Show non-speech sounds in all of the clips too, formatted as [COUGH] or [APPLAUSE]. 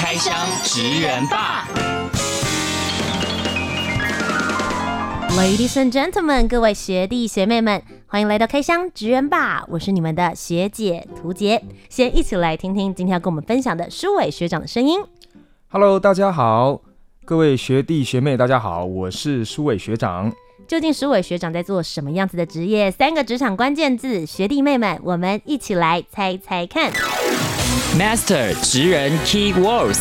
開箱職人吧，Ladies and gentlemen，各位學弟學妹們，歡迎來到開箱職人吧，我是你們的學姐屠潔，先一起來聽聽今天要跟我們分享的書瑋學長的聲音。Hello，大家好，各位學弟學妹，大家好，我是書瑋學長。究竟書瑋學長在做什麼樣子的職業？三個職場關鍵字，學弟妹們，我們一起來猜猜看。Master 職人 Keywords。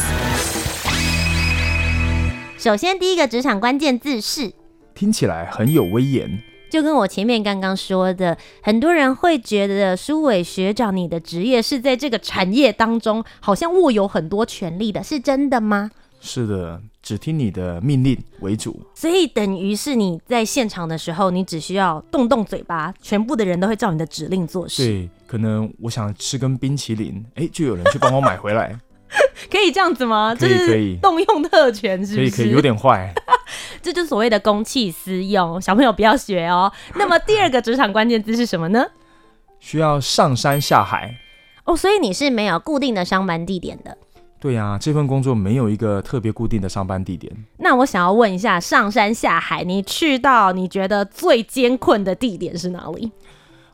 首先，第一個職場關鍵字是，聽起來很有威嚴。就跟我前面剛剛說的，很多人會覺得書瑋學長，你的職業是在這個產業當中，好像握有很多權力的，是真的嗎？是的，只聽你的命令為主。所以等於是你在現場的時候，你只需要動動嘴巴，全部的人都會照你的指令做事。可能我想吃根冰淇淋，哎、欸，就有人去幫我買回來， [LAUGHS] 可以這樣子嗎？可以可以動用特權，是是是。可以可以有點壞， [LAUGHS] 這就是所謂的公器私用，小朋友不要學哦。那麼第二個職場關鍵字是什麼呢？ [LAUGHS] 需要上山下海。哦，所以你是沒有固定的上班地點的。對呀、啊，這份工作沒有一個特別固定的上班地點。那我想要問一下，上山下海，你去到你覺得最艱困的地點是哪裡？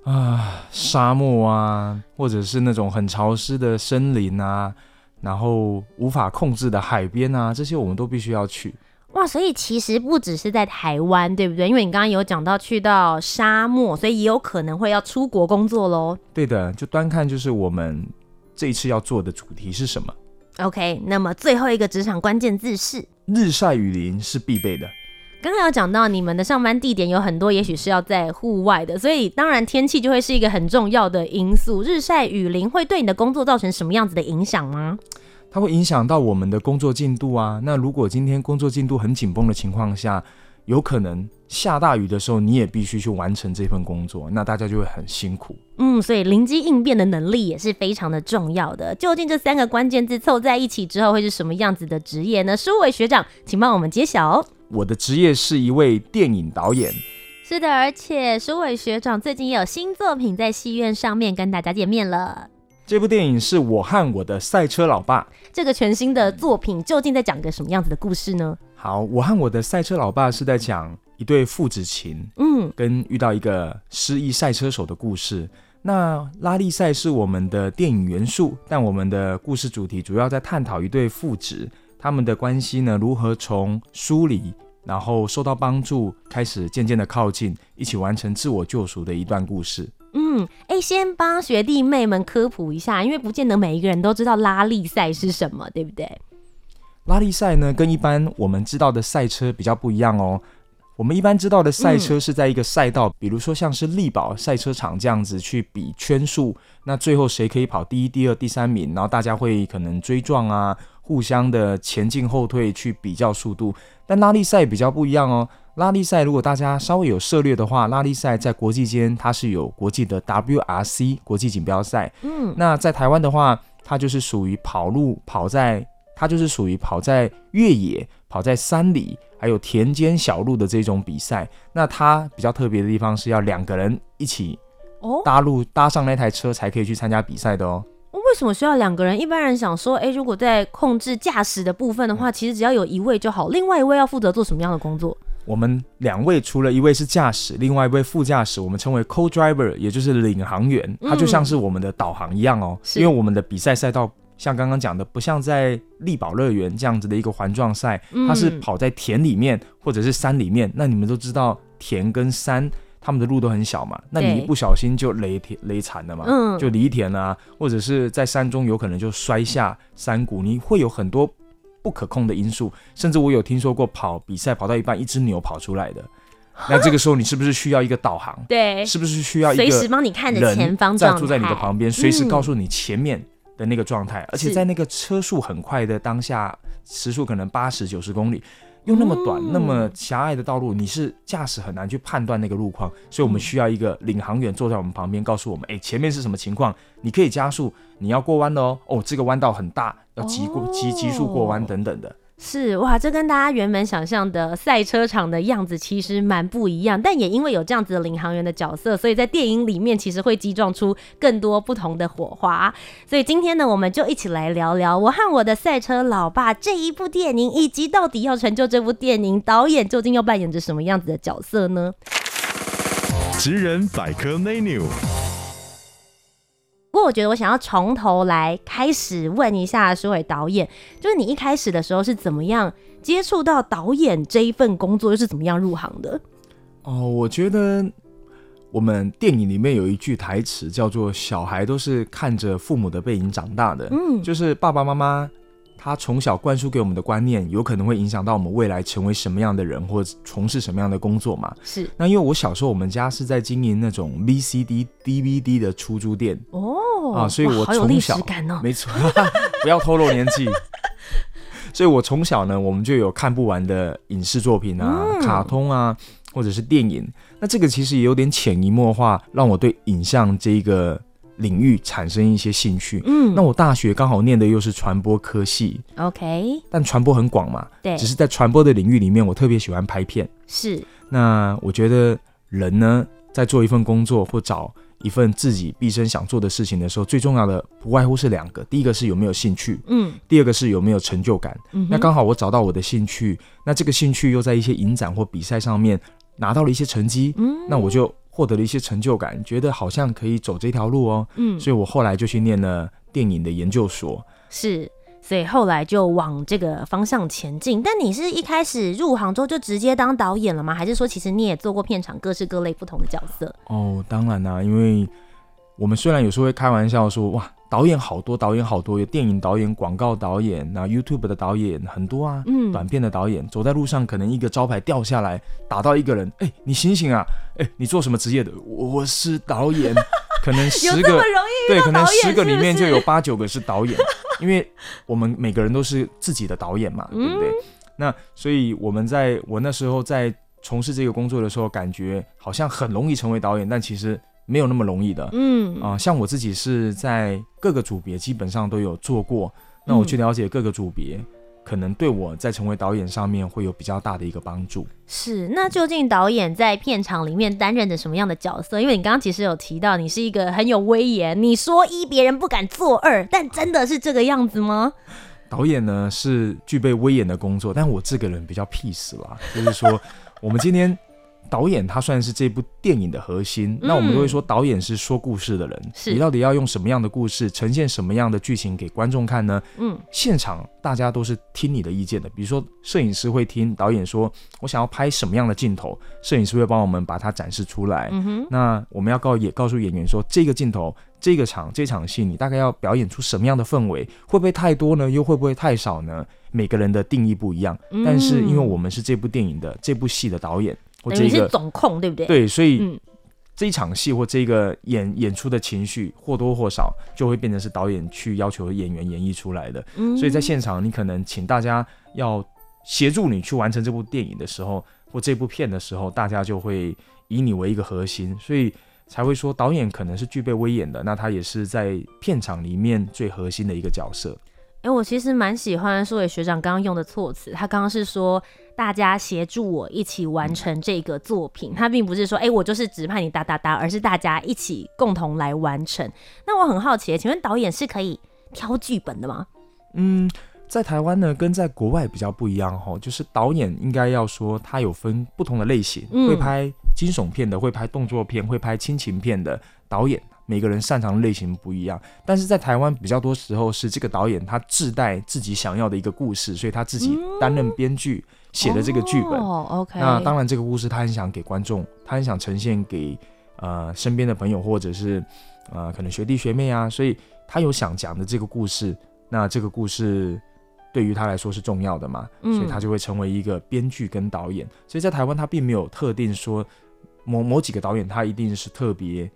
啊，沙漠啊，或者是那種很潮濕的森林啊，然後無法控制的海邊啊，這些我們都必須要去哇！所以其實不只是在台灣，對不對？因為你剛剛有講到去到沙漠，所以也有可能會要出國工作咯。對的，就端看就是我們這一次要做的主題是什麼。OK，那麼最後一個職場關鍵字是“日曬雨淋”是必備的。剛剛要講到你們的上班地點有很多，也許是要在戶外的，所以當然天氣就會是一個很重要的因素。日曬雨淋會對你的工作造成什麼樣子的影響嗎？它會影響到我們的工作進度啊。那如果今天工作進度很緊繃的情況下，有可能下大雨的時候，你也必須去完成這份工作，那大家就會很辛苦。嗯，所以靈機應變的能力也是非常的重要的。究竟這三個關鍵字湊在一起之後會是什麼樣子的職業呢？書瑋學長，請幫我們揭曉。我的職業是一位電影導演，是的，而且書瑋學長最近有新作品在戲院上面跟大家見面了。這部電影是我和我的賽車老爸，這個全新的作品究竟在講個什麼樣子的故事呢？好，我和我的賽車老爸是在講一對父子情，嗯，跟遇到一個失意賽車手的故事。那拉力賽是我們的電影元素，但我們的故事主題主要在探討一對父子他們的關係呢，如何從疏離然後受到幫助，開始漸漸的靠近，一起完成自我救贖的一段故事。嗯，誒，先幫學弟妹們科普一下，因為不見得每一個人都知道拉力賽是什麼，對不對？拉力賽呢，跟一般我們知道的賽車比較不一樣哦。我們一般知道的賽車是在一個賽道，嗯、比如說像是麗寶賽車場這樣子去比圈數，那最後誰可以跑第一、第二、第三名，然後大家會可能追撞啊。互相的前進後退，去比較速度，但拉力賽比較不一樣哦。拉力賽如果大家稍微有涉獵的話，拉力賽在國際間它是有國際的 WRC 國際錦標賽。嗯，那在台灣的話，它就是屬於跑路跑在它就是屬於跑在越野、跑在山裡還有田間小路的這種比賽。那它比較特別的地方是要兩個人一起搭路、哦、搭上那台車才可以去參加比賽的哦。為什麼需要兩個人？一般人想說，誒、欸，如果在控制駕駛的部分的話，其實只要有一位就好。另外一位要負責做什麼樣的工作？我們兩位除了一位是駕駛，另外一位副駕駛，我們稱為 co-driver，也就是領航員，他就像是我們的導航一樣哦、喔。嗯、因為我們的比賽賽道，像剛剛講的，不像在麗寶樂園這樣子的一個環狀賽，它是跑在田裡面或者是山裡面。那你們都知道，田跟山。他們的路都很小嘛，那你一不小心就雷天對雷慘了嘛，嗯、就犁田啊，或者是在山中，有可能就摔下山谷，嗯、你會有很多不可控的因素。甚至我有聽說過跑比賽跑到一半，一只牛跑出來的。那這個時候你是不是需要一個導航？對蛤，是不是需要一個人隨時幫你看着前方，坐在你的旁邊，嗯、隨時告訴你前面的那個狀態。嗯、而且在那個車速很快的當下，時速可能八十九十公里。用那麼短，那麼狹隘的道路，你是駕駛，很難去判斷那個路況，所以我們需要一個領航員坐在我們旁邊，告訴我們：哎，前面是什麼情況？你可以加速，你要過彎的哦。哦，這個彎道很大，要急過，哦、急急速過彎等等的。是哇，這跟大家原本想象的賽車場的樣子其實蠻不一樣，但也因為有這樣子的領航員的角色，所以在電影裡面其實會激盪出更多不同的火花。所以今天呢，我們就一起來聊聊我和我的賽車老爸這一部電影，以及到底要成就這部電影，導演究竟要扮演着什麼樣子的角色呢？職人百科 menu。我覺得我想要從頭來開始問一下書瑋導演，就是你一開始的時候是怎麼樣接觸到導演這一份工作，又、就是怎麼樣入行的？哦、呃，我覺得我們電影裡面有一句台詞叫做“小孩都是看着父母的背影長大的”，嗯，就是爸爸媽媽。他從小灌輸給我們的觀念，有可能會影響到我們未來成為什麼樣的人，或者從事什麼樣的工作嘛？是。那因為我小時候，我們家是在經營那種 VCD、DVD 的出租店哦，啊，所以我從小，沒錯，不要透露年紀。 [LAUGHS] 所以我從小呢，我們就有看不完的影視作品啊，嗯、卡通啊，或者是電影。那這個其實也有點潛移默化，讓我對影像這一個。領域產生一些興趣，嗯，那我大學剛好念的又是傳播科系，OK，但傳播很廣嘛，對，只是在傳播的領域裡面，我特別喜歡拍片，是。那我覺得人呢，在做一份工作或找一份自己畢生想做的事情的時候，最重要的不外乎是兩個，第一個是有沒有興趣，嗯，第二個是有沒有成就感。嗯哼，那剛好我找到我的興趣，那這個興趣又在一些影展或比賽上面拿到了一些成績，嗯，那我就。獲得了一些成就感，覺得好像可以走這條路哦。嗯，所以我後來就去念了電影的研究所。是，所以後來就往這個方向前進。但你是一開始入行之後就直接當導演了嗎？還是說，其實你也做過片場各式各類不同的角色？哦，當然啦、啊，因為我們雖然有時候會開玩笑說，哇。導演好多，導演好多，有電影導演、廣告導演，那 YouTube 的導演很多啊。嗯，短片的導演，走在路上可能一個招牌掉下來打到一個人，哎、欸，你醒醒啊！哎、欸，你做什麼職業的？我，我是導演。 [LAUGHS] 可能十個容易對，可能十個裡面就有八九個是導演，是不是 [LAUGHS] 因為我們每個人都是自己的導演嘛，對不對？嗯、那所以我們在我那時候在從事這個工作的時候，感覺好像很容易成為導演，但其實。沒有那麼容易的，嗯啊、呃，像我自己是在各個組別基本上都有做過，嗯、那我去了解各個組別，可能對我在成為導演上面會有比較大的一個幫助。是，那究竟導演在片場裡面擔任着什麼樣的角色？因為你剛剛其實有提到，你是一個很有威嚴，你說一，別人不敢做二，但真的是這個樣子嗎？導演呢是具備威嚴的工作，但我這個人比較 peace 啦，就是說，我們今天。 [LAUGHS] 導演他算是這部電影的核心。嗯、那我們都會說，導演是說故事的人。是你到底要用什麼樣的故事，呈現什麼樣的劇情給觀眾看呢？嗯，現場大家都是聽你的意見的。比如說，攝影師會聽導演說，我想要拍什麼樣的鏡頭，攝影師會幫我們把它展示出來。嗯、哼那我們要告也告訴演員說，這個鏡頭、這個場、這場戲，你大概要表演出什麼樣的氛圍？會不會太多呢？又會不會太少呢？每個人的定義不一樣，嗯、但是因為我們是這部電影的這部戲的導演。那你是總控，對不對？對，所以這一場戲或這個演演出的情緒，或多或少就會變成是導演去要求演員演繹出來的。所以在現場，你可能請大家要協助你去完成這部電影的時候，或這部片的時候，大家就會以你為一個核心，所以才會說導演可能是具備威嚴的，那他也是在片場裡面最核心的一個角色。哎、欸，我其實蠻喜歡書瑋學長剛剛用的措辭，他剛剛是說。大家協助我一起完成這個作品，他並不是說，哎、欸，我就是指派你噠噠噠，而是大家一起共同來完成。那我很好奇，請問導演是可以挑劇本的嗎？嗯，在台灣呢，跟在國外比較不一樣哦，就是導演應該要說他有分不同的類型，嗯、會拍驚悚片的，會拍動作片，會拍親情片的導演，每個人擅長類型不一樣。但是在台灣比較多時候是這個導演他自帶自己想要的一個故事，所以他自己擔任編劇。嗯寫的這個劇本，oh, okay. 那當然這個故事他很想給觀眾，他很想呈現給呃身邊的朋友或者是呃可能學弟學妹啊，所以他有想講的這個故事，那這個故事對於他來說是重要的嘛，嗯、所以他就會成為一個編劇跟導演。所以在台灣他並沒有特定說某某幾個導演他一定是特別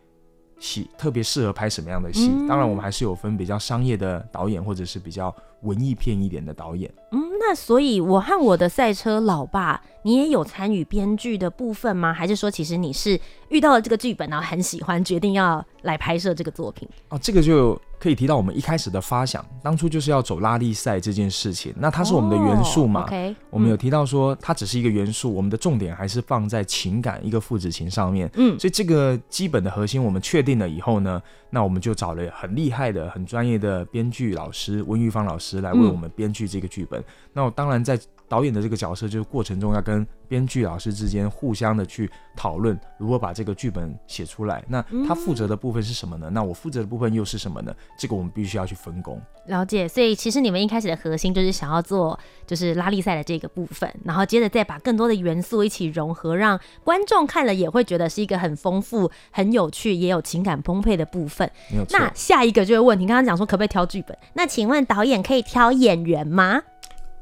喜特別適合拍什麼樣的戲，嗯、當然我們還是有分比較商業的導演或者是比較。文藝片一點的導演，嗯，那所以我和我的賽車老爸，你也有參與編劇的部分嗎？還是說其實你是遇到了這個劇本，然後很喜歡，決定要來拍攝這個作品？哦、啊，這個就可以提到我們一開始的發想，當初就是要走拉力賽這件事情。那它是我們的元素嘛。Oh, okay. 我們有提到說它只是一個元素，嗯、我們的重點還是放在情感一個父子情上面。嗯，所以這個基本的核心我們確定了以後呢，那我們就找了很厲害的、很專業的編劇老師溫郁芳老師。來為我們編劇這個劇本，嗯，那我當然在。導演的這個角色就是過程中要跟編劇老師之間互相的去討論如何把這個劇本寫出來。那他負責的部分是什麼呢？嗯、那我負責的部分又是什麼呢？這個我們必須要去分工。了解。所以其實你們一開始的核心就是想要做就是拉力賽的這個部分，然後接着再把更多的元素一起融合，讓觀眾看了也會覺得是一個很豐富、很有趣，也有情感豐沛的部分。沒有錯。那下一個就會問你剛剛講說可不可以挑劇本，那請問導演可以挑演員嗎？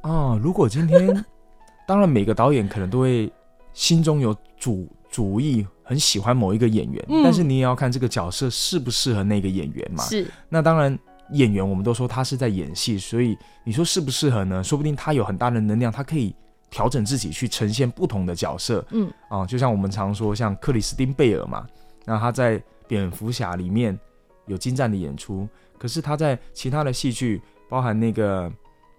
啊，如果今天， [LAUGHS] 當然每個導演可能都會心中有主主意，很喜歡某一個演員，嗯、但是你也要看這個角色適不適合那個演員嘛。是，那當然演員，我們都說他是在演戲，所以你說適不適合呢？說不定他有很大的能量，他可以調整自己去呈現不同的角色。嗯，啊，就像我們常說，像克里斯汀貝爾嘛，那他在蝙蝠俠裡面有精湛的演出，可是他在其他的戲劇，包含那個。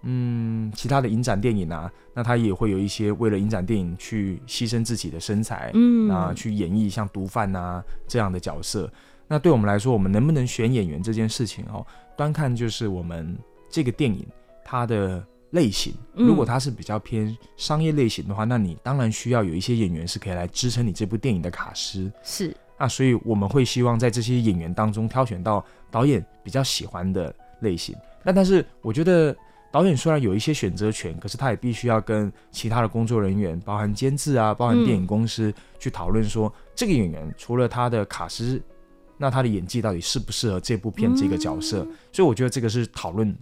嗯，其他的影展電影啊，那他也會有一些為了影展電影去犧牲自己的身材，嗯，啊，去演繹像毒販啊這樣的角色。那對我們來說，我們能不能選演員這件事情哦，端看就是我們這個電影它的類型。嗯，如果它是比較偏商業類型的話，那你當然需要有一些演員是可以來支撐你這部電影的卡司。是。啊，所以我們會希望在這些演員當中挑選到導演比較喜歡的類型。那但，但是我覺得。導演雖然有一些選擇權，可是他也必須要跟其他的工作人員，包含監製啊，包含電影公司、嗯、去討論說，這個演員除了他的卡司，那他的演技，到底適不適合這部片這個角色？嗯、所以我覺得這個是討論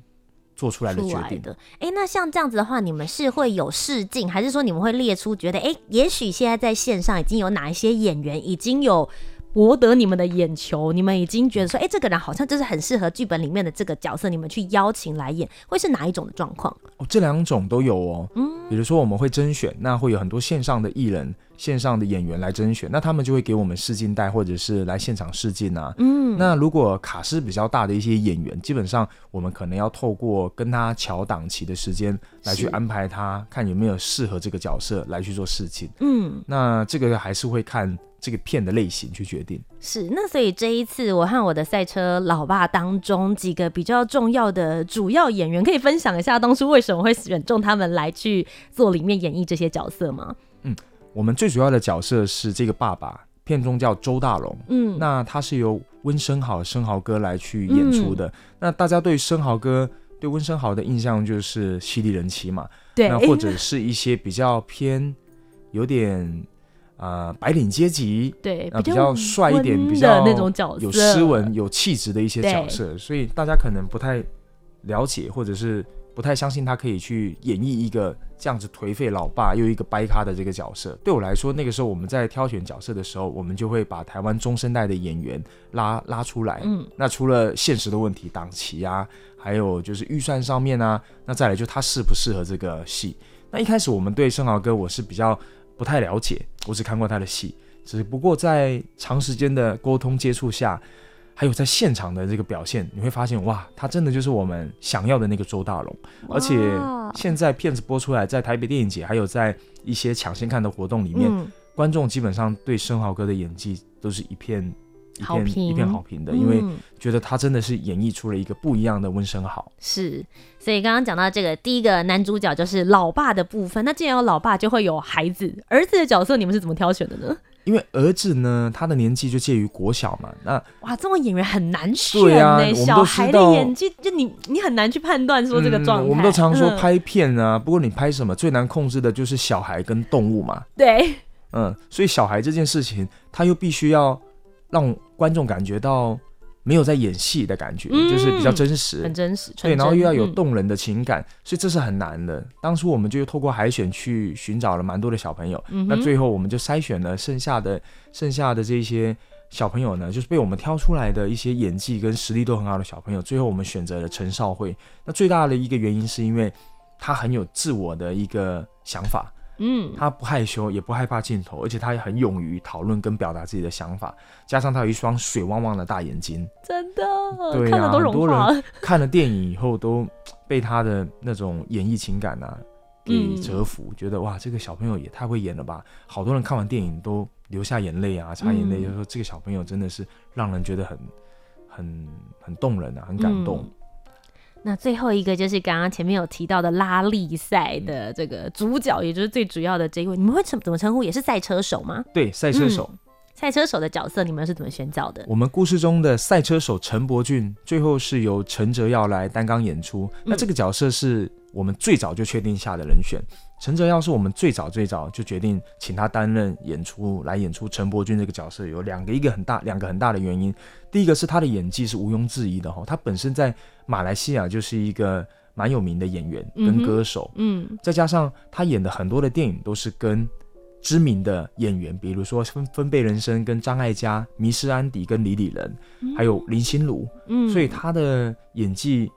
做出來的決定。哎、欸，那像這樣子的話，你們是會有試鏡，還是說你們會列出覺得，哎、欸，也許現在在線上已經有哪一些演員已經有？博得你們的眼球，你們已經覺得說，哎，這個人好像就是很適合劇本裡面的這個角色，你們去邀請來演，會是哪一種的狀況？哦，這兩種都有哦，嗯，比如說我們會甄選，那會有很多線上的藝人、線上的演員來甄選，那他們就會給我們試鏡帶，或者是來現場試鏡啊，嗯，那如果卡司比較大的一些演員，基本上我們可能要透過跟他調檔期的時間來去安排他，是看有沒有適合這個角色來去做試鏡。嗯，那這個還是會看。這個片的類型去決定是那，所以這一次我和我的賽車老爸當中幾個比較重要的主要演員，可以分享一下當初為什麼會選中他們來去做裡面演繹這些角色嗎？嗯，我們最主要的角色是這個爸爸，片中叫周大龍，嗯，那他是由溫昇豪昇豪哥來去演出的。嗯、那大家對昇豪哥對溫昇豪的印象就是犀利人妻嘛，對，那或者是一些比較偏有點。呃，白領階級對、啊、比較帥一點，比較有斯文，有氣質的一些角色，對所以大家可能不太了解，或者是不太相信他可以去演繹一個這樣子頹廢老爸又一個掰咖的這個角色。對我來說，那個時候我們在挑選角色的時候，我們就會把台灣中生代的演員拉拉出來。嗯，那除了現實的問題，檔期啊，還有就是預算上面啊，那再來就他適不適合這個戲。那一開始我們對昇豪哥，我是比較。不太了解，我只看過他的戲，只不過在長時間的溝通接觸下，還有在現場的這個表現，你會發現，哇，他真的就是我們想要的那個周大龍。而且現在片子播出來，在台北電影節，還有在一些搶先看的活動裡面，嗯、觀眾基本上對昇豪哥的演技都是一片。一片好評評，一片好評的，因為覺得他真的是演繹出了一個不一樣的溫昇豪、嗯，是，所以剛剛講到這個第一個男主角就是老爸的部分，那既然有老爸，就會有孩子，兒子的角色你們是怎麼挑選的呢？因為兒子呢，他的年紀就介於國小嘛。那哇，這麼演員很難選，對啊，小孩的演技就你你很難去判斷說這個狀態、嗯。我們都常說拍片啊，嗯、不過你拍什麼最難控制的就是小孩跟動物嘛。對，嗯，所以小孩這件事情他又必須要讓。觀眾感覺到沒有在演戲的感覺，嗯、就是比較真實，很真實。真對，然後又要有動人的情感，嗯、所以這是很難的。當初我們就透過海選去尋找了蠻多的小朋友，嗯、哼那最後我們就篩選了剩下的剩下的這些小朋友呢，就是被我們挑出來的一些演技跟實力都很好的小朋友。最後我們選擇了陳少卉，那最大的一個原因是因為他很有自我的一個想法。嗯，他不害羞，也不害怕鏡頭，而且他也很勇於討論跟表達自己的想法。加上他有一雙水汪汪的大眼睛，真的，對啊，看得都融化。很多人看了電影以後都被他的那種演繹情感啊給折服，嗯、覺得哇，這個小朋友也太會演了吧！好多人看完電影都流下眼淚啊，擦眼淚，就說、嗯、這個小朋友真的是讓人覺得很很很動人啊，很感動。嗯那最後一個就是剛剛前面有提到的拉力賽的這個主角，也就是最主要的這一位，你們會怎麼稱呼？也是賽車手嗎？對，賽車手。賽車手。嗯、賽車手的角色你們，是怎麼選角的？我們故事中的賽車手陳伯俊，最後是由陳澤耀來擔綱演出。嗯、那這個角色是我們最早就確定下的人選。陳澤耀是我們最早最早就決定請他擔任演出，來演出陳伯鈞這個角色，有兩個，一個很大，兩個很大的原因。第一個是他的演技是毋庸置疑的哈、哦，他本身在馬來西亞就是一個蠻有名的演員跟歌手，嗯，嗯，再加上他演的很多的電影都是跟知名的演員，比如說分《分貝人生》跟張艾嘉、《迷失安迪》跟李李仁，嗯、還有林心如，嗯，所以他的演技。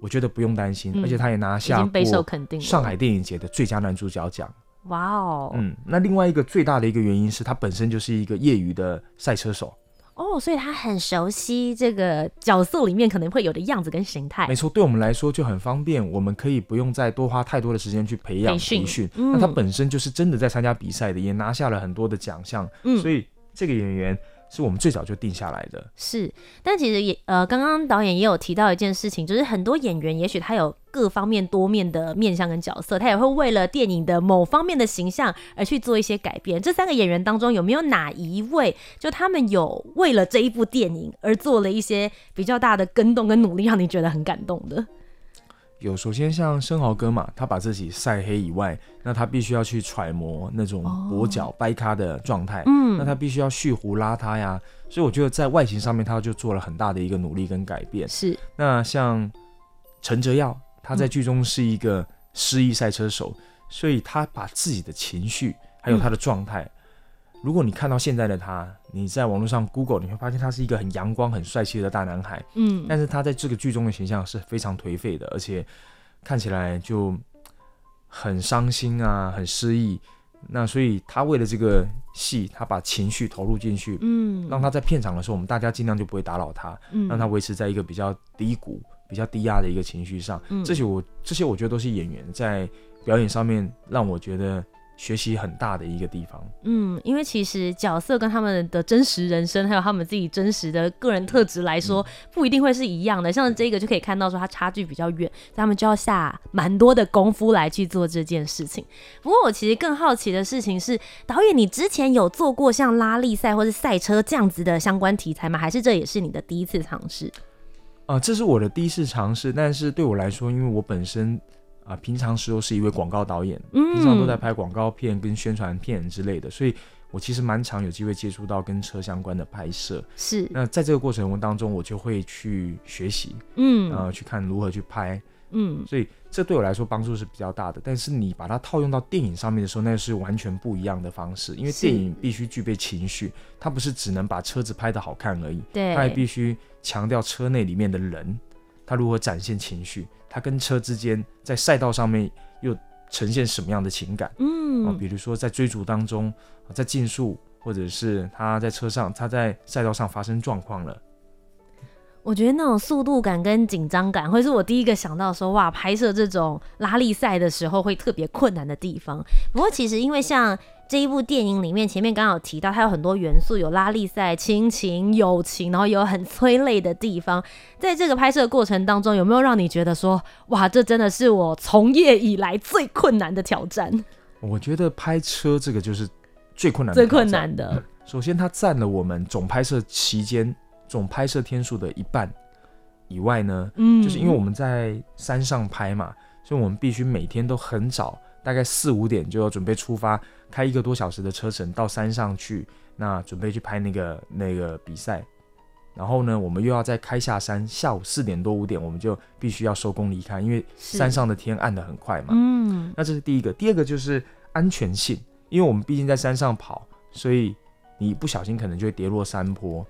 我覺得不用擔心，嗯、而且他也拿下上海電影節的最佳男主角獎。哇哦，嗯，那另外一個最大的一個原因是他本身就是一個業餘的賽車手。哦，所以他很熟悉這個角色裡面可能會有的樣子跟形態。沒錯，對我們來說就很方便，我們可以不用再多花太多的時間去培養培訓。那他本身就是真的在參加比賽的，也拿下了很多的獎項，嗯、所以這個演員。是我們最早就定下來的。是，但其實也呃，剛剛導演也有提到一件事情，就是很多演員，也許他有各方面多面的面向跟角色，他也會為了電影的某方面的形象而去做一些改變。這三個演員當中，有沒有哪一位就他們有為了這一部電影而做了一些比較大的更動跟努力，讓你覺得很感動的？有，首先像昇豪哥嘛，他把自己曬黑以外，那他必須要去揣摩那種跛腳、哦、掰咖的狀態，嗯，那他必須要蓄鬍邋遢呀，所以我覺得在外形上面，他就做了很大的一個努力跟改變。是，那像陳澤耀，他在劇中是一個失意賽車手，嗯、所以他把自己的情緒還有他的狀態、嗯。如果你看到現在的他，你在網絡上 Google，你會發現他是一個很陽光、很帥氣的大男孩。嗯，但是他在這個劇中的形象是非常頹廢的，而且看起來就很傷心啊，很失意。那所以他為了這個戲，他把情緒投入進去，嗯，讓他在片場的時候，我們大家盡量就不會打擾他，嗯，讓他維持在一個比較低谷、比較低壓的一個情緒上。嗯，這些我，這些我覺得都是演員在表演上面讓我覺得。學習很大的一個地方。嗯，因為其實角色跟他們的真實人生，還有他們自己真實的個人特質來說，不一定會是一樣的。嗯、像這個就可以看到說，它差距比較遠，所以他們就要下蠻多的功夫來去做這件事情。不過，我其實更好奇的事情是，導演，你之前有做過像拉力賽或是賽車這樣子的相關題材嗎？還是這也是你的第一次嘗試？啊、呃，這是我的第一次嘗試，但是對我來說，因為我本身。啊，平常時候是一位廣告導演，平常都在拍廣告片跟宣傳片之類的，嗯、所以我其實蠻常有機會接觸到跟車相關的拍攝。是，那在這個過程當中，我就會去學習，嗯，然後、啊、去看如何去拍，嗯，所以這對我來說幫助是比較大的。但是你把它套用到電影上面的時候，那是完全不一樣的方式，因為電影必須具備情緒，它不是只能把車子拍得好看而已，對，它還必須強調車內裡面的人。他如何展現情緒？他跟車之間在賽道上面又呈現什麼樣的情感？嗯，啊，比如說在追逐當中，在競速，或者是他在車上，他在賽道上發生狀況了。我覺得那種速度感跟緊張感會是我第一個想到說，哇，拍攝這種拉力賽的時候會特別困難的地方。不過其實因為像。 [LAUGHS] 這一部電影裡面，前面剛好提到它有很多元素，有拉力賽、親情、友情，然後有很催淚的地方。在這個拍攝過程當中，有沒有讓你覺得說，哇，這真的是我從業以來最困難的挑戰？我覺得拍車這個就是最困難的、最困難的。首先，它佔了我們總拍攝期間、總拍攝天數的一半以外呢，嗯，就是因為我們在山上拍嘛，所以我們必須每天都很早，大概四五點就要準備出發。開一個多小時的車程到山上去，那準備去拍那個那個比賽。然後呢，我們又要再開下山，下午四點多五點我們就必須要收工離開，因為山上的天暗得很快嘛。嗯，那這是第一個，第二個就是安全性，因為我們畢竟在山上跑，所以你不小心可能就會跌落山坡，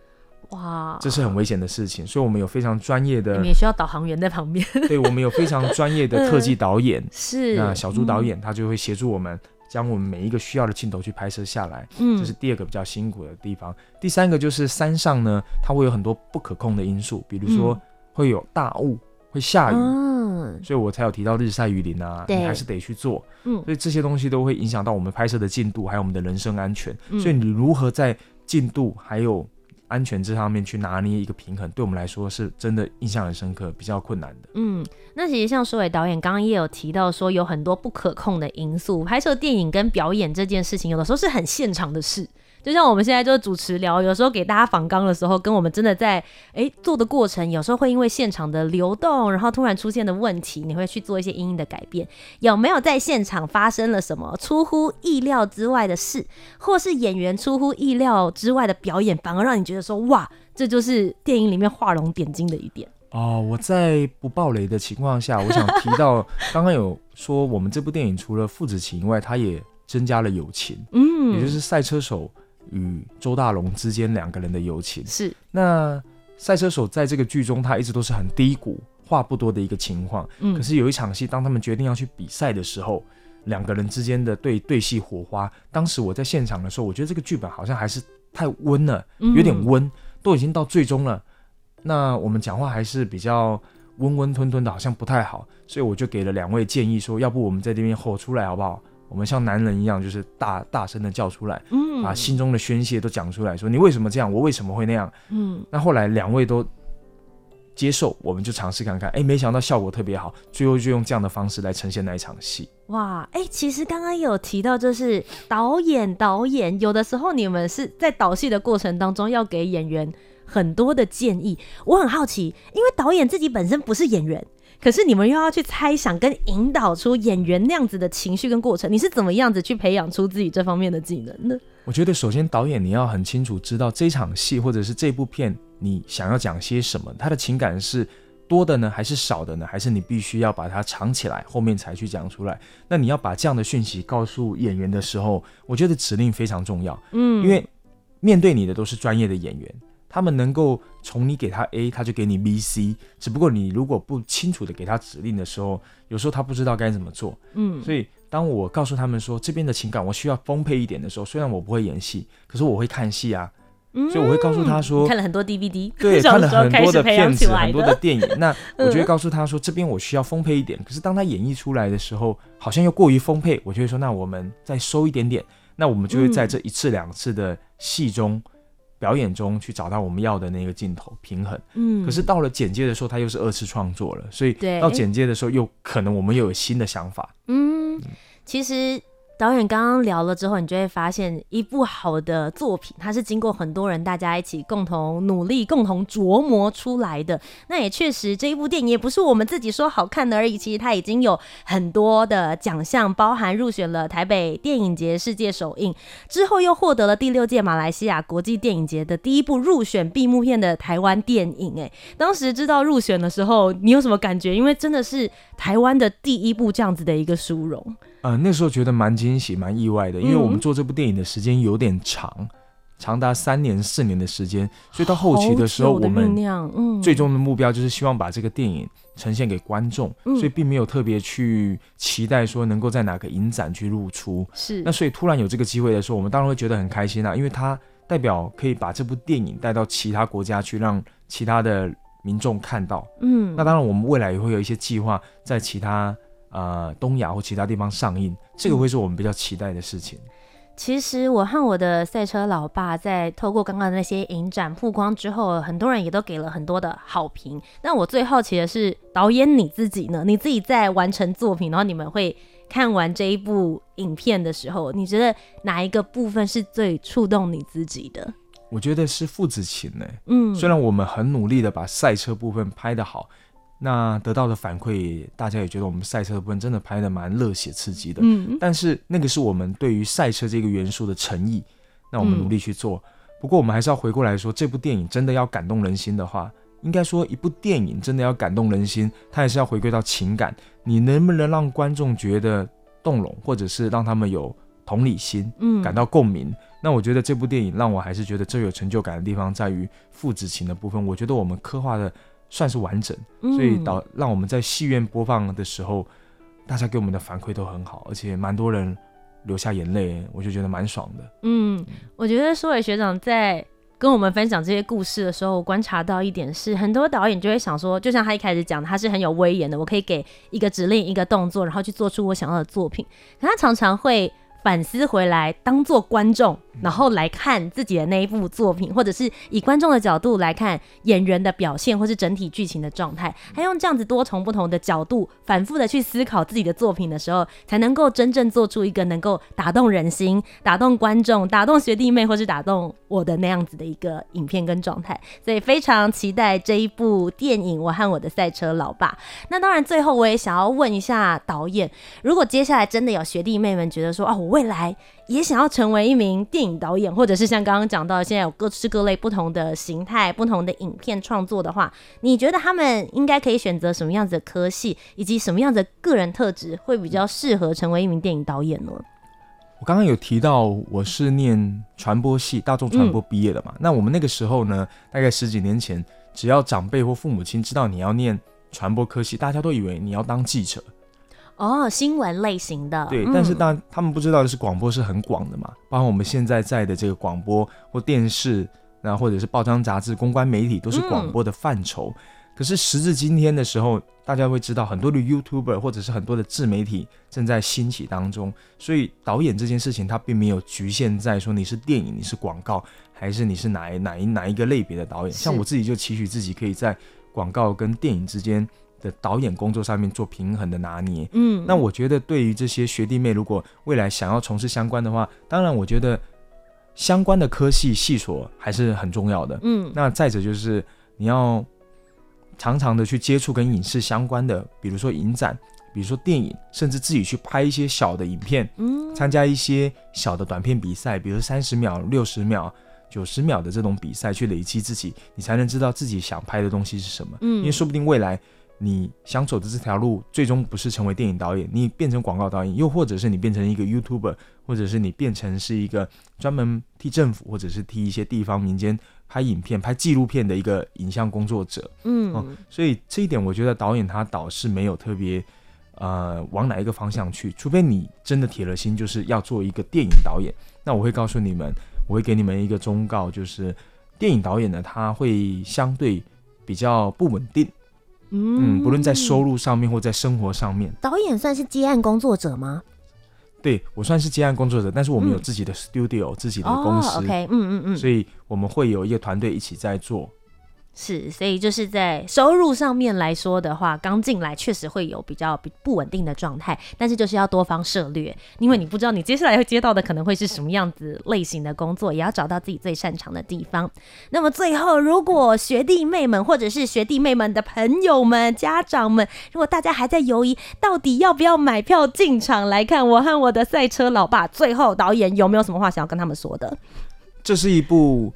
哇，這是很危險的事情。所以我們有非常專業的，你也需要導航員在旁邊。 [LAUGHS] 對，我們有非常專業的特技導演，嗯、是那小豬導演他就會協助我們將我們每一個需要的鏡頭去拍攝下來，嗯，這是第二個比較辛苦的地方。第三個就是山上呢，它會有很多不可控的因素，比如說會有大霧、會下雨，嗯，所以我才有提到日曬雨淋啊，對你還是得去做，嗯，所以這些東西都會影響到我們拍攝的進度，還有我們的人身安全。所以你如何在進度還有安全這方面去拿捏一個平衡，對我們來說是真的印象很深刻，比較困難的。嗯，那其實像書瑋導演剛剛也有提到說，有很多不可控的因素，拍攝電影跟表演這件事情，有的時候是很現場的事。就像我們現在就是主持聊，有時候給大家訪綱的時候，跟我們真的在、欸、做的過程，有時候會因為現場的流動，然後突然出現的問題，你會去做一些因應的改變。有沒有在現場發生了什麼出乎意料之外的事，或是演員出乎意料之外的表演，反而讓你覺得說哇，這就是電影裡面畫龍點睛的一點？哦、呃，我在不暴雷的情況下， [LAUGHS] 我想提到剛剛有說我們這部電影除了父子情以外，它也增加了友情，嗯，也就是賽車手。與周大龍之間，兩個人的友情。是那賽車手在這個劇中，他一直都是很低谷、話不多的一個情況，嗯，可是有一場戲，當他們決定要去比賽的時候，兩個人之間的對對戲火花，當時我在現場的時候，我覺得這個劇本好像還是太溫了，有點溫，嗯，都已經到最終了，那我們講話還是比較溫溫吞吞的，好像不太好，所以我就給了兩位建議說，說要不我們在這邊吼出來好不好？我們像男人一樣，就是大大聲的叫出來，嗯，把心中的宣洩都講出來，說你為什麼這樣，我為什麼會那樣，嗯，那後來兩位都接受，我們就嘗試看看，哎，沒想到效果特別好，最後就用這樣的方式來呈現那一場戲。哇，哎，其實剛剛有提到，就是導演導演，有的時候你們是在導戲的過程當中要給演員很多的建議，我很好奇，因為導演自己本身不是演員。可是你們又要去猜想跟引導出演員那樣子的情緒跟過程，你是怎麼樣子去培養出自己這方面的技能呢？我覺得首先導演你要很清楚知道這場戲或者是這部片你想要講些什麼，他的情感是多的呢還是少的呢？還是你必須要把它藏起來，後面才去講出來？那你要把這樣的訊息告訴演員的時候，我覺得指令非常重要。嗯，因為面對你的都是專業的演員。他們能夠從你給他 A，他就給你 B、C。只不過你如果不清楚的給他指令的時候，有時候他不知道該怎麼做。嗯，所以當我告訴他們說這邊的情感我需要豐沛一點的時候，雖然我不會演戲，可是我會看戲啊。嗯，所以我會告訴他說，看了很多 DVD。對，看了很多的片子，開始起來很多的電影。那我就會告訴他說 [LAUGHS] 這邊我需要豐沛一點。可是當他演繹出來的時候，好像又過於豐沛，我就會說那我們再收一點點。那我們就會在這一次兩次的戲中，嗯表演中去找到我們要的那個鏡頭平衡，嗯，可是到了剪接的時候，它又是二次創作了，所以到剪接的時候對又可能我們又有新的想法，嗯，其實。導演剛剛聊了之後，你就會發現，一部好的作品，它是經過很多人大家一起共同努力、共同琢磨出來的。那也確實，這一部電影也不是我們自己說好看的而已。其實它已經有很多的獎項，包含入選了台北電影節世界首映，之後又獲得了第六屆馬來西亞國際電影節的第一部入選閉幕片的台灣電影、欸。誒，當時知道入選的時候，你有什麼感覺？因為真的是。台灣的第一部這樣子的一個殊榮，呃，那時候覺得蠻驚喜、蠻意外的，因為我們做這部電影的時間有點長，長達三年、四年的時間，所以到後期的時候，嗯、我們最終的目標就是希望把這個電影呈現給觀眾，嗯、所以並沒有特別去期待說能夠在哪個影展去露出，是那所以突然有這個機會的時候，我們當然會覺得很開心啊，因為它代表可以把這部電影帶到其他國家去，讓其他的。民眾看到，嗯，那當然，我們未來也會有一些計劃在其他，呃，東亞或其他地方上映，這個會是我們比較期待的事情。嗯。其實，我和我的賽車老爸在透過剛剛的那些影展曝光之後，很多人也都給了很多的好評。那我最好奇的是，導演你自己呢？你自己在完成作品，然後你們會看完這一部影片的時候，你覺得哪一個部分是最觸動你自己的？我覺得是父子情呢。嗯，雖然我們很努力地把賽車部分拍得好，那得到的反饋，大家也覺得我們賽車的部分真的拍得蠻熱血刺激的。嗯，但是那個是我們對於賽車這個元素的誠意，那我們努力去做。嗯、不過我們還是要回過來說，這部電影真的要感動人心的話，應該說一部電影真的要感動人心，它還是要回歸到情感，你能不能讓觀眾覺得動容，或者是讓他們有。同理心，嗯，感到共鳴。嗯、那我覺得這部電影讓我還是覺得最有成就感的地方在於父子情的部分。我覺得我們刻畫的算是完整，嗯、所以導讓我們在戲院播放的時候，大家給我們的反饋都很好，而且蠻多人流下眼淚，我就覺得蠻爽的。嗯，我覺得書瑋學長在跟我們分享這些故事的時候，我觀察到一點是，很多導演就會想說，就像他一開始講的，他是很有威嚴的，我可以給一個指令，一個動作，然後去做出我想要的作品。可他常常會。反思回來，當做觀眾，然後來看自己的那一部作品，或者是以觀眾的角度來看演員的表現，或是整體劇情的狀態，還用這樣子多重不同的角度反覆的去思考自己的作品的時候，才能夠真正做出一個能夠打動人心、打動觀眾、打動學弟妹，或是打動我的那樣子的一個影片跟狀態。所以非常期待這一部電影《我和我的賽車老爸》。那當然，最後我也想要問一下導演，如果接下來真的有學弟妹們覺得說啊、哦，我未來。也想要成為一名電影導演，或者是像剛剛講到，現在有各式各類不同的形態、不同的影片創作的話，你覺得他們應該可以選擇什麼樣子的科系，以及什麼樣子的個人特質會比較適合成為一名電影導演呢？我剛剛有提到，我是念傳播系、大眾傳播畢業的嘛。嗯，那我們那個時候呢，大概十幾年前，只要長輩或父母親知道你要念傳播科系，大家都以為你要當記者。哦，新聞類型的對，嗯、但是當他，他們不知道的是，廣播是很廣的嘛，包括我們現在在的這個廣播或電視，那或者是報章雜誌、公關媒體都是廣播的範疇。嗯、可是時至今天的時候，大家會知道很多的 YouTuber 或者是很多的自媒體正在興起當中，所以導演這件事情它並沒有局限在說你是電影，你是廣告，還是你是哪一哪一哪一個類別的導演。是像我自己就期許自己可以在廣告跟電影之間導演工作上面做平衡的拿捏，嗯，那我覺得對於這些學弟妹，如果未來想要從事相關的話，當然我覺得相關的科系系所還是很重要的，嗯，那再者就是你要常常的去接觸跟影視相關的，比如說影展，比如說電影，甚至自己去拍一些小的影片，嗯，參加一些小的短片比賽，比如說三十秒、六十秒、九十秒的這種比賽，去累積自己，你才能知道自己想拍的東西是什麼，嗯，因為說不定未來。你想走的這條路，最終不是成為電影導演，你變成廣告導演，又或者是你變成一個 YouTuber，或者是你變成是一個專門替政府或者是替一些地方民間拍影片、拍紀錄片的一個影像工作者。嗯，哦，所以這一點，我覺得導演他倒是沒有特別呃往哪一個方向去，除非你真的鐵了心就是要做一個電影導演。那我會告訴你們，我會給你們一個忠告，就是電影導演呢，他會相對比較不穩定。嗯 [NOISE] 嗯，不論在收入上面或在生活上面，導演算是接案工作者嗎？對，我算是接案工作者，但是我們有自己的 studio、嗯、自己的公司，oh, okay. 嗯嗯嗯，所以我們會有一個團隊一起在做。是，所以就是在收入上面來說的話，剛進來確實會有比較不穩定的狀態，但是就是要多方涉獵，因為你不知道你接下來要接到的可能會是什麼樣子類型的工作，也要找到自己最擅長的地方。那麼最後，如果學弟妹們或者是學弟妹們的朋友們、家長們，如果大家還在猶豫到底要不要買票進場來看我和我的賽車老爸，最後導演有沒有什麼話想要跟他們說的？這是一部。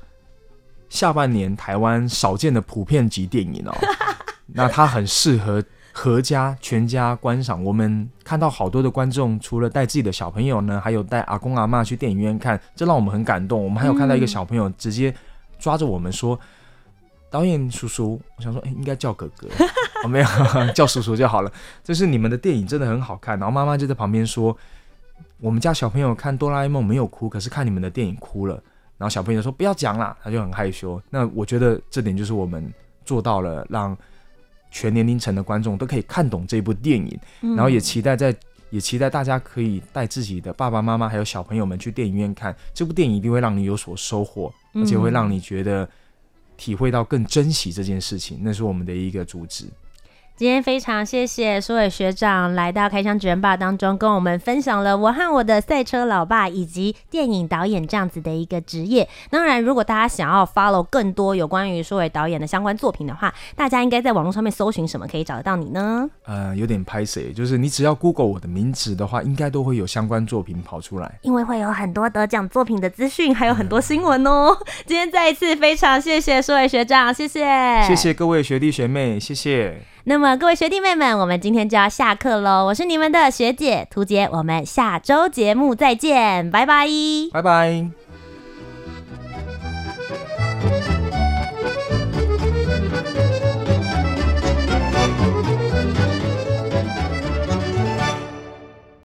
下半年台灣少見的普遍級電影哦， [LAUGHS] 那它很適合合家全家觀賞。我們看到好多的觀眾，除了帶自己的小朋友呢，還有帶阿公阿嬤去電影院看，這讓我們很感動。我們還有看到一個小朋友直接抓着我們說：“嗯、導演叔叔，我想說，欸、應該叫哥哥，我、 [LAUGHS] 哦、沒有呵呵叫叔叔就好了。就”這是你們的電影，真的很好看。然後媽媽就在旁邊說：“我們家小朋友看哆啦 A 夢沒有哭，可是看你們的電影哭了。”然後小朋友說不要講了，他就很害羞。那我覺得這點就是我們做到了，讓全年齡層的觀眾都可以看懂這部電影。嗯、然後也期待在，也期待大家可以帶自己的爸爸媽媽還有小朋友們去電影院看這部電影，一定會讓你有所收穫，嗯、而且會讓你覺得體會到更珍惜這件事情。那是我們的一個主旨。今天非常謝謝書瑋學長來到《開箱職人 BAR》當中，跟我們分享了我和我的賽車老爸以及電影導演這樣子的一個職業。當然，如果大家想要 follow 更多有關於書瑋導演的相關作品的話，大家應該在網絡上面搜尋什麼可以找得到你呢？呃，有點拍攝，就是你只要 Google 我的名字的話，應該都會有相關作品跑出來，因為會有很多得獎作品的資訊，還有很多新聞哦。嗯、今天再一次非常謝謝書瑋學長，謝謝，謝謝各位學弟學妹，謝謝。那麼各位學弟妹們，我們今天就要下課嘍。我是你們的學姐屠潔，我們下周節目再見，拜拜，拜拜。